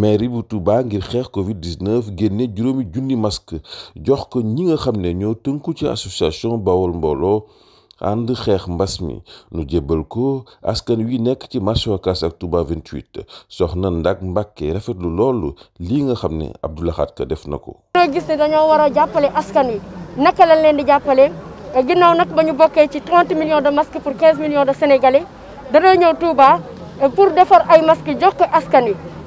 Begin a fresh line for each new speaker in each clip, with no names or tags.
mais bu Touba ngir xeex Covid 19 génne juróomi junni masque jox ko ñi nga xam ne ñoo tënku ci association Bawol Mbooloo ànd xeex mbas mi nu jébbal ko askan wi nekk ci marché Ocass ak Touba 28 soxna Ndak rafet lu loolu li nga xam ne Abdou Lahad def na ko.
dañoo gis ne dañoo war jàppale askan wi naka lañ leen di jàppale ginnaaw nag ba ñu bokkee ci 30 de masques pour 15 de sénégalais dañoo ñëw Touba pour defar ay masques jox ko askan wi.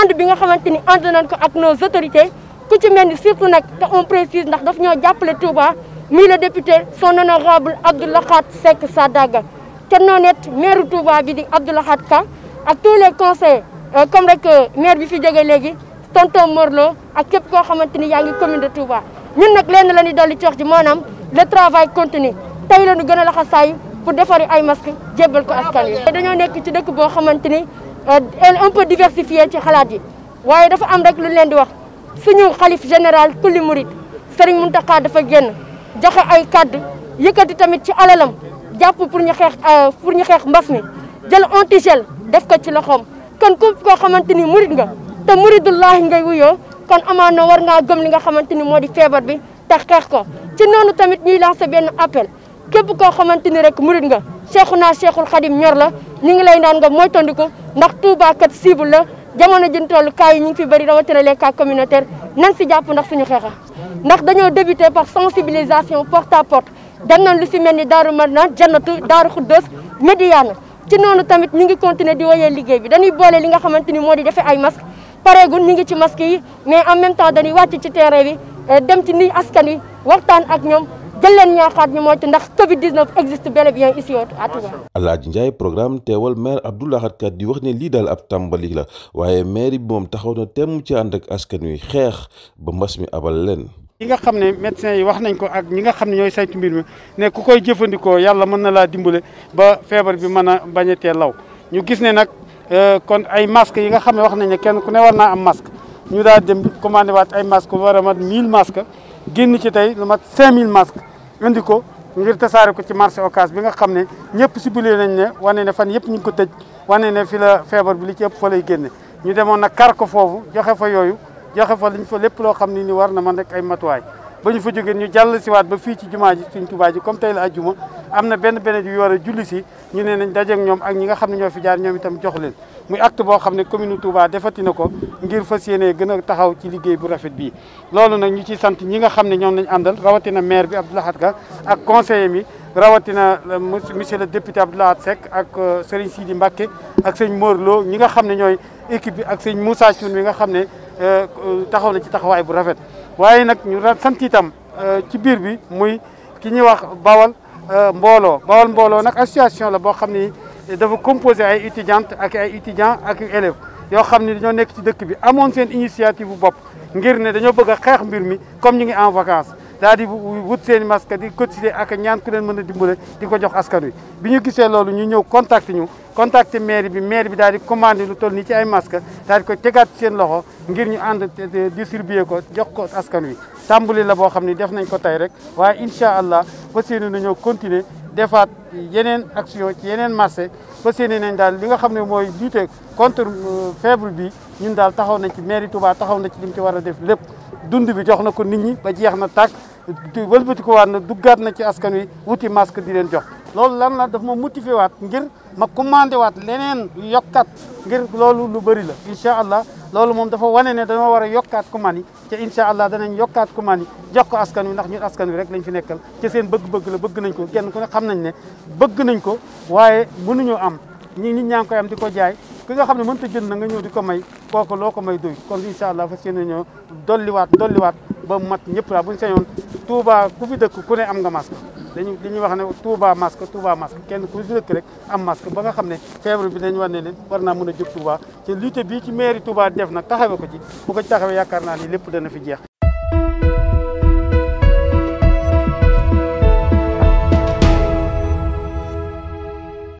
ànd bi nga xamante ni ànd nañ ko ak nos autorités ku ci mel ni surtout nak te on précise ndax daf ñoo jàppale Touba mii le député son honorable Abdou Lahad Seck Sadaga te noonu it maire Touba bi di Abdou Lahad Ka ak tous les conseils euh, comme rek euh, maire bi fi jógee léegi tonton Morlo ak képp koo xamante ni yaa ngi commune de Touba ñun nak lenn la ñuy dolli ci wax ji maanaam le travail continue tey la ñu gën a laxasaayu pour defari ay masque jébbal ko askan wi. dañoo nekk ci dëkk boo comment tenir. Euh, un peu diversifié ci xalaat yi waaye dafa am rek lu leen di wax suñu xalif général kulli murid Serigne Mountakha dafa génn joxe ay kàddu yëkkati tamit ci alalam jàpp pour ñu xeex euh, pour ñu xeex mbas mi jël antigel def ko ci loxoom kan këpp koo xamante ni murid nga te muridullahi ngay wuyoo kon amaan na war nga gëm li nga xamante ni moo di feebar bi te xeex ko ci noonu tamit ñuy lancé benn appel képp koo xamante ni rek murid nga naa Cheikhul Khadim ñor la ñu ngi lay naan nga moytandiku ndax Touba kat cible la jamono jën tollu cas yi ñu ngi fi bëri rawatina les cas communautaires nan si jàpp ndax suñu xeexa ndax dañoo débuté par sensibilisation porte à porte dem nañ lu si mel ni Daaru Marnaan Jannatu Daaru Xuddoos Médiyana ci noonu tamit ñu ngi continuer di woyee liggéey bi dañuy boole li nga xamante ni moo di defee ay masque pareegul ñu ngi ci masque yi mais en même temps dañuy wàcc ci terrain bi eh, dem ci ni askan wi waxtaan ak ñoom jël leen yaakaar ñu moytu ndax Covid 19 existe bel et bien ici à Touba.
Alaaji Ndiaye programme teewal maire Abdou Lahad Ka di wax ne lii daal ab tàmbali la waaye maire bi moom taxaw na temm ci ànd ak askan wi xeex ba mbas mi abal leen.
yi nga xam ne médecins yi wax nañ ko ak ñi nga xam ne ñooy saytu mbir mi ne ku koy jëfandikoo yàlla mën na laa dimbale ba feebar bi mën a bañ a tee law ñu gis ne nag kon ay masques yi nga xam ne wax nañ ne kenn ku ne war naa am masque ñu daal dem commandé waat ay masques war a mat 1000 masques génn ci tey lu mat 5000 masques. indi ko ngir saare ko ci marché Ocass bi nga xam ne ñëpp bule nañ ne wane ne fan yëpp ñu ngi ko tëj wane ne fi la feebar bi li ci ëpp fa lay génne ñu demoon na kar ko foofu joxe fa yooyu joxe fa liñ fa lépp loo xam ne ni war na man rek ay matuwaay ba ñu fa jógee ñu jàll siwaat ba fii ci jumaa ji Sëriñ Tuubaa ji comme tey la ajjuma am na benn benn yu war a julli si ñu ne nañ dajeek ñoom ak ñi nga xam ne ñoo fi jaar ñoom itam jox leen muy acte boo xam ne commune Touba defati ko ngir fas yéene gën a taxaw ci liggéey bu rafet bii loolu nag ñu ci sant ñi nga xam ne ñoom lañ àndal rawatina maire bi Abdou Lahad ak conseiller mi rawatina euh, monsieur le député Abdou Lahad Seck ak euh, Serigne Sidi Mbacké ak sëñ Mor Lo ñi nga xam ne ñooy équipe bi ak sëñ Moussa Thioune mi nga xam ne euh, taxaw na ci taxawaay bu rafet waaye nag ñu sant itam ci biir bi muy ki ñuy wax Bawal Euh, Mbolo, Bawol Mbolo, nag association la boo xam ni dafa composé ay étudiantes ak ay étudiants ak élèves Yo, xam ni dañoo nekk ci dëkk bi amoon seen initiative bu bopp ngir ne dañoo bëgg a xeex mbir mi comme ñu ngi en vacances daal di wut seen masque di cotiser ak ñaan ku leen mën a dimbale di ko jox askan wi bi ñu gisee loolu ñu ñëw contact ñu contacté mairie bi mairie bi daal di lu toll nii ci ay masque daal di ko tegaat seen loxo ngir ñu ànd distribuer ko jox ko askan wi tàmbali la boo xam ne def nañ ko tey rek waaye incha allah fas yéene nañoo continuer defaat yeneen action ci yeneen marché fas yéene nañ daal li nga xam ne mooy lutter contre euh, fièvre bi ñun daal taxaw nañ ci mairie Touba taxaw na ci li ci war a def lépp dund bi jox na ko nit ñi ba jeex na tak tàkk wëlbatikuwaat na duggaat na ci askan wi wuti masque di leen jox loolu lan la daf ma motivé waat ngir ma commandé waat leneen yokkat ngir loolu lu bëri la incha allah loolu moom dafa wane ne dañoo war a yokkaat commande yi te incha allah danañ yokkaat commande yi jox ko askan wi ndax ñun askan wi rek lañ fi nekkal ci seen bëgg-bëgg la bëgg nañ ko kenn ku ne xam nañ ne bëgg nañ ko waaye mënuñoo am ñi nit ñaa ngi koy am di ko jaay ki nga xam ne mënta jënd na nga ñëw di ko may kooku loo ko may doy kon incha allah fas yéene ñoo dolliwaat dolliwaat ba mat ñëpp la bu ñu sañoon Touba ku fi dëkk ku ne am nga masque dañu dañuy wax ne Touba masque Touba masque kenn ku si rek am masque ba nga xam ne feebar bi dañ wa ne leen war naa mën a jóg Touba te lutte bii ci mairie Touba def nag taxawe ko ci bu ko taxawee yaakaar naa ni lépp dana fi jeex